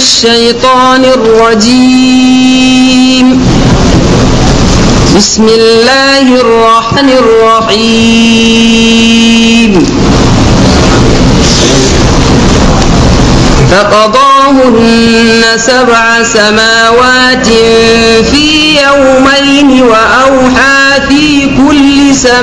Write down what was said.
الشيطان الرجيم بسم الله الرحمن الرحيم فقضاهن سبع سماوات في يومين وأوحى في كل سماء